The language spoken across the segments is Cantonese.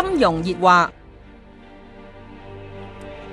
金融熱話，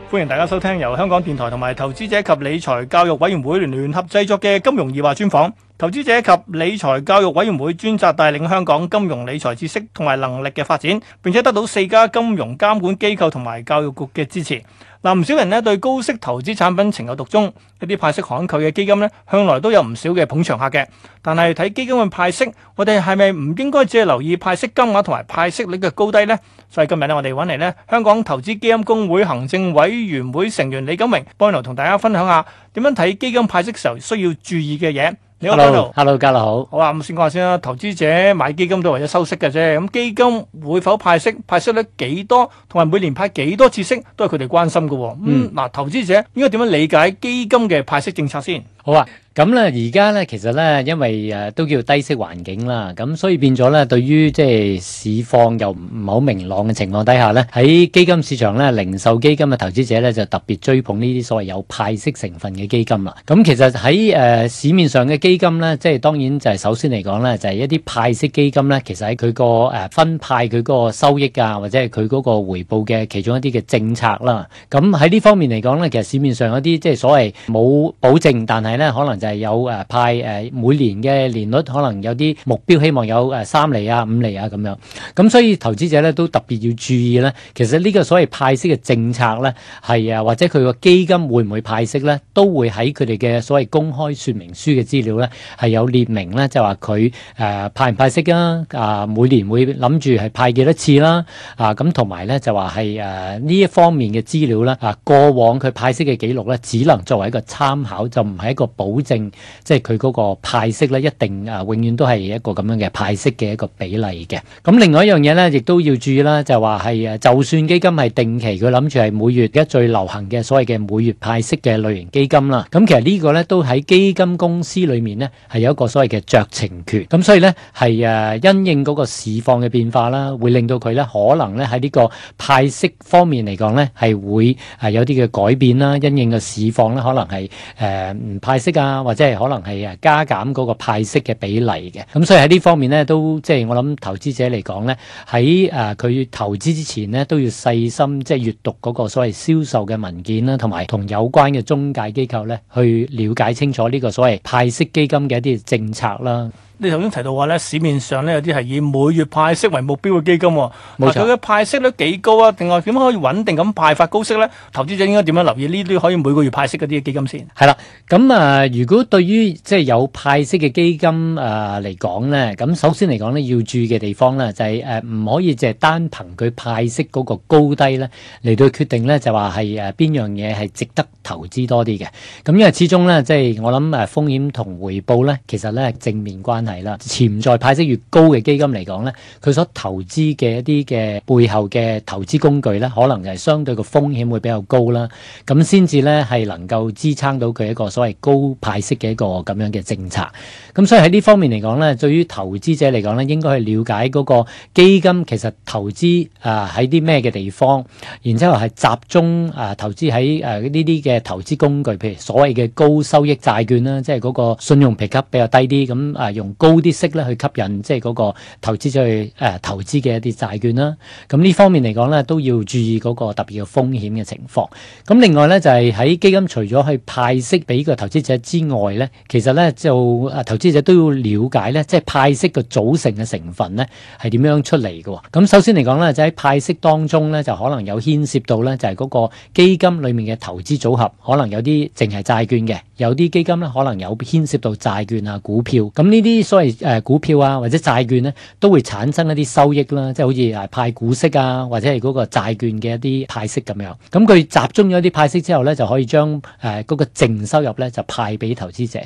歡迎大家收聽由香港電台同埋投資者及理財教育委員會聯合製作嘅金融熱話專訪。投資者及理財教育委員會專責帶領香港金融理財知識同埋能力嘅發展，並且得到四家金融監管機構同埋教育局嘅支持。嗱，唔少人咧對高息投資產品情有獨鍾，一啲派息慷慨嘅基金咧，向來都有唔少嘅捧場客嘅。但係睇基金嘅派息，我哋係咪唔應該只係留意派息金額同埋派息率嘅高低呢？所以今日咧，我哋揾嚟咧，香港投資基金公會行政委員會成員李錦榮，幫手同大家分享下點樣睇基金派息時候需要注意嘅嘢。你好，Hello，家樂好。好啊，咁先講下先啦。投資者買基金都為咗收息嘅啫。咁基金會否派息？派息率幾多？同埋每年派幾多次息，都係佢哋關心嘅。嗯，嗱、嗯，投資者應該點樣理解基金嘅派息政策先？好啊。咁咧，而家咧，其實咧，因為誒都叫低息環境啦，咁所以變咗咧，對於即係市況又唔唔好明朗嘅情況底下咧，喺基金市場咧，零售基金嘅投資者咧就特別追捧呢啲所謂有派息成分嘅基金啦。咁其實喺誒市面上嘅基金咧，即係當然就係首先嚟講咧，就係一啲派息基金咧，其實喺佢個誒分派佢嗰個收益啊，或者係佢嗰個回報嘅其中一啲嘅政策啦。咁喺呢方面嚟講咧，其實市面上一啲即係所謂冇保證，但係咧可能，就係係有誒派誒每年嘅年率可能有啲目標，希望有誒三厘啊、五厘啊咁樣。咁所以投資者咧都特別要注意咧。其實呢個所謂派息嘅政策咧係啊，或者佢個基金會唔會派息咧，都會喺佢哋嘅所謂公開說明書嘅資料咧係有列明咧，就話佢誒派唔派息啊，啊每年會諗住係派幾多次啦，啊咁同埋咧就話，係誒呢一方面嘅資料啦啊，過往佢派息嘅記錄咧只能作為一個參考，就唔係一個保證。即係佢嗰個派息咧，一定啊，永遠都係一個咁樣嘅派息嘅一個比例嘅。咁另外一樣嘢咧，亦都要注意啦，就話係誒，就算基金係定期，佢諗住係每月而家最流行嘅所謂嘅每月派息嘅類型基金啦。咁其實個呢個咧都喺基金公司裏面呢，係有一個所謂嘅酌情權。咁所以咧係誒，因應嗰個市況嘅變化啦，會令到佢咧可能咧喺呢個派息方面嚟講咧係會係有啲嘅改變啦。因應嘅市況咧，可能係誒、呃、唔派息啊。或者係可能係啊加減嗰個派息嘅比例嘅，咁所以喺呢方面咧，都即係、就是、我諗投資者嚟講咧，喺誒佢投資之前咧，都要細心即係閱讀嗰個所謂銷售嘅文件啦，同埋同有關嘅中介機構咧，去了解清楚呢個所謂派息基金嘅一啲政策啦。你頭先提到話咧，市面上咧有啲係以每月派息為目標嘅基金喎，嗱佢嘅派息率幾高啊？定係點樣可以穩定咁派發高息咧？投資者應該點樣留意呢啲可以每個月派息嗰啲基金先？係啦，咁啊，如果對於即係有派息嘅基金啊嚟講咧，咁、呃、首先嚟講咧，要注意嘅地方咧就係誒唔可以即係單憑佢派息嗰個高低咧嚟到決定咧就話係誒邊樣嘢係值得投資多啲嘅。咁因為始終咧即係我諗誒風險同回報咧，其實咧正面關。係啦，潛在派息越高嘅基金嚟講咧，佢所投資嘅一啲嘅背後嘅投資工具咧，可能就係相對個風險會比較高啦，咁先至咧係能夠支撐到佢一個所謂高派息嘅一個咁樣嘅政策。咁所以喺呢方面嚟講咧，對於投資者嚟講咧，應該去了解嗰個基金其實投資誒喺啲咩嘅地方，然之後係集中誒投資喺誒呢啲嘅投資工具，譬如所謂嘅高收益債券啦，即係嗰個信用評級比較低啲，咁啊用。高啲息咧去吸引即係嗰個投資者去誒、啊、投資嘅一啲債券啦。咁呢方面嚟講咧，都要注意嗰個特別嘅風險嘅情況。咁另外咧就係、是、喺基金除咗去派息俾個投資者之外咧，其實咧就誒、啊、投資者都要了解咧，即係派息嘅組成嘅成分咧係點樣出嚟嘅，、啊。咁首先嚟講咧就喺、是、派息當中咧就可能有牽涉到咧就係嗰個基金裏面嘅投資組合，可能有啲淨係債券嘅，有啲基金咧可能有牽涉到債券啊股票。咁呢啲所謂誒股票啊，或者債券咧，都會產生一啲收益啦，即係好似派股息啊，或者係嗰個債券嘅一啲派息咁樣。咁佢集中咗啲派息之後咧，就可以將誒嗰個淨收入咧就派俾投資者。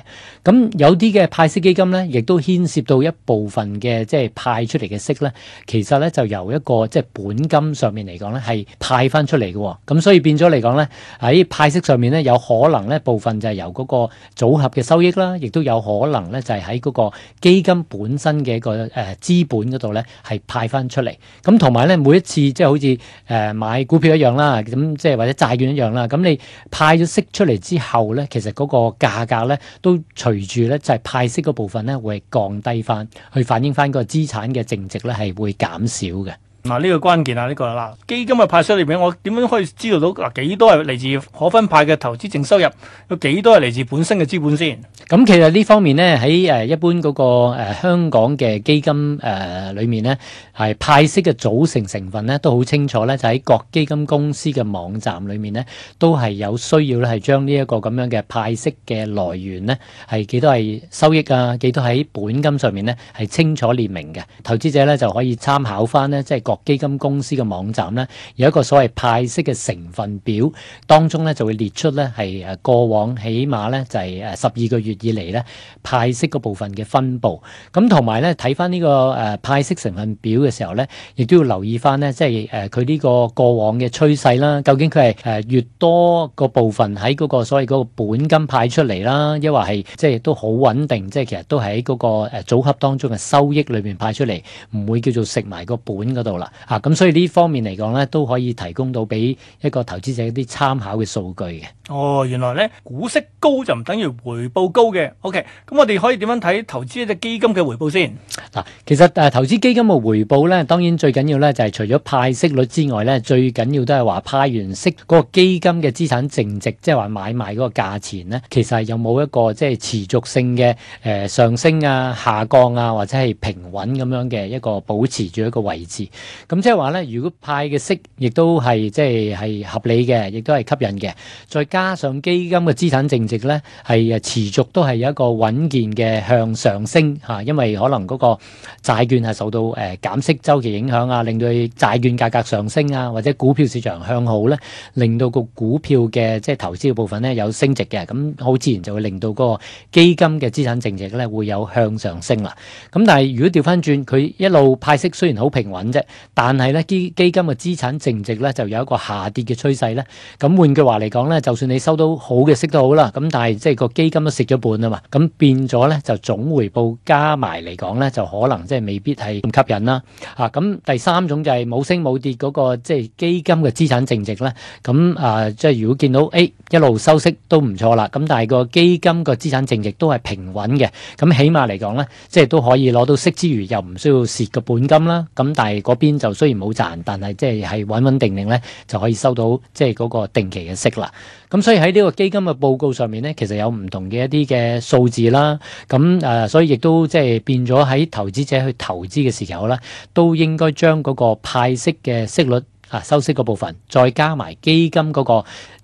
咁有啲嘅派息基金咧，亦都牽涉到一部分嘅即係派出嚟嘅息咧，其實咧就由一個即係本金上面嚟講咧係派翻出嚟嘅。咁所以變咗嚟講咧喺派息上面咧，有可能咧部分就係由嗰個組合嘅收益啦，亦都有可能咧就喺嗰個基金本身嘅一個誒、呃、資本嗰度咧，係派翻出嚟。咁同埋咧，每一次即係、就是、好似誒、呃、買股票一樣啦，咁即係或者債券一樣啦。咁你派咗息出嚟之後咧，其實嗰個價格咧都隨住咧就係派息嗰部分咧會降低翻，去反映翻個資產嘅淨值咧係會減少嘅。嗱，呢個關鍵啊，呢個啦，基金嘅派息裏面，我點樣可以知道到嗱幾多，係嚟自可分派嘅投資淨收入，有幾多係嚟自本身嘅資本先？咁其實呢方面呢，喺誒一般嗰個誒香港嘅基金誒裏面呢，係派息嘅組成成分呢都好清楚咧，就喺各基金公司嘅網站裏面呢，都係有需要咧係將呢一個咁樣嘅派息嘅來源呢，係幾多係收益啊，幾多喺本金上面呢，係清楚列明嘅，投資者呢，就可以參考翻呢，即係。基金公司嘅網站咧，有一個所謂派息嘅成分表，當中咧就會列出咧係誒過往起碼咧就係誒十二個月以嚟咧派息個部分嘅分布，咁同埋咧睇翻呢個誒派息成分表嘅時候咧，亦都要留意翻咧即係誒佢呢個過往嘅趨勢啦。究竟佢係誒越多個部分喺嗰個所謂嗰個本金派出嚟啦，抑或係即係都好穩定，即係其實都喺嗰個組合當中嘅收益裏邊派出嚟，唔會叫做食埋個本嗰度。啦，咁、啊、所以呢方面嚟講咧，都可以提供到俾一個投資者一啲參考嘅數據嘅。哦，原來咧，股息，高就唔等於回報高嘅，OK？咁我哋可以點樣睇投資一隻基金嘅回報先？嗱，其實誒、啊、投資基金嘅回報咧，當然最緊要咧就係、是、除咗派息率之外咧，最緊要都係話派完息嗰、那個基金嘅資產淨值，即係話買賣嗰個價錢咧，其實係有冇一個即係持續性嘅誒、呃、上升啊、下降啊，或者係平穩咁樣嘅一個保持住一個位置。咁即係話咧，如果派嘅息亦都係即係係合理嘅，亦都係吸引嘅，再加上基金嘅資產淨，值咧係誒持續都係有一個穩健嘅向上升嚇，因為可能嗰個債券係受到誒減息周期影響啊，令到債券價格上升啊，或者股票市場向好咧，令到個股票嘅即係投資嘅部分咧有升值嘅，咁好自然就會令到嗰個基金嘅資產淨值咧會有向上升啦。咁但係如果調翻轉，佢一路派息雖然好平穩啫，但係咧基基金嘅資產淨值咧就有一個下跌嘅趨勢咧。咁換句話嚟講咧，就算你收到好嘅息都好啦。咁但係即係個基金都蝕咗半啊嘛，咁變咗咧就總回報加埋嚟講咧就可能即係未必係咁吸引啦，吓、啊、咁第三種就係冇升冇跌嗰、那個即係、就是、基金嘅資產淨值咧，咁啊即係、就是、如果見到 A、哎、一路收息都唔錯啦，咁但係個基金個資產淨值都係平穩嘅，咁起碼嚟講咧即係都可以攞到息之餘又唔需要蝕個本金啦，咁但係嗰邊就雖然冇賺，但係即係係穩穩定定咧就可以收到即係嗰個定期嘅息啦，咁所以喺呢個基金嘅報告上。面咧，其實有唔同嘅一啲嘅數字啦，咁誒、呃，所以亦都即係變咗喺投資者去投資嘅時候啦，都應該將嗰個派息嘅息率，啊，收息個部分，再加埋基金嗰個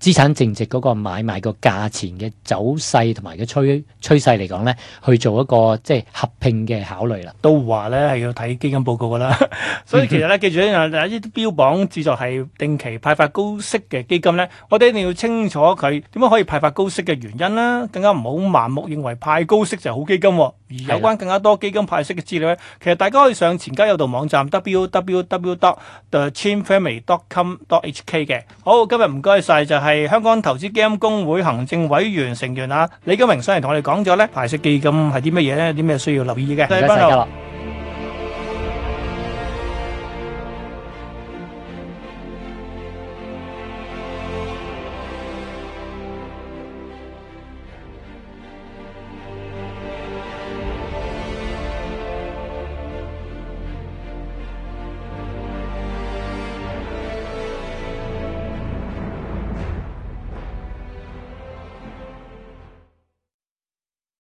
資產淨值嗰個買賣個價錢嘅走勢同埋嘅趨趨勢嚟講咧，去做一個即係合併嘅考慮啦。都話咧係要睇基金報告㗎喇， 所以其實咧，記住呢啲標榜資助係定期派發高息嘅基金咧，我哋一定要清楚佢點樣可以派發高息嘅原因啦，更加唔好盲目認為派高息就好基金，啊。而有關更加多基金派息嘅資料咧，其實大家可以上錢家有道網站 w w w dot the c h i n family dot com dot h k 嘅。好，今日唔該晒就係香港投資基金公會行政委員成員啊李錦榮上嚟同我哋講咗咧派息基金係啲乜嘢咧，有啲咩需要留意嘅。唔該。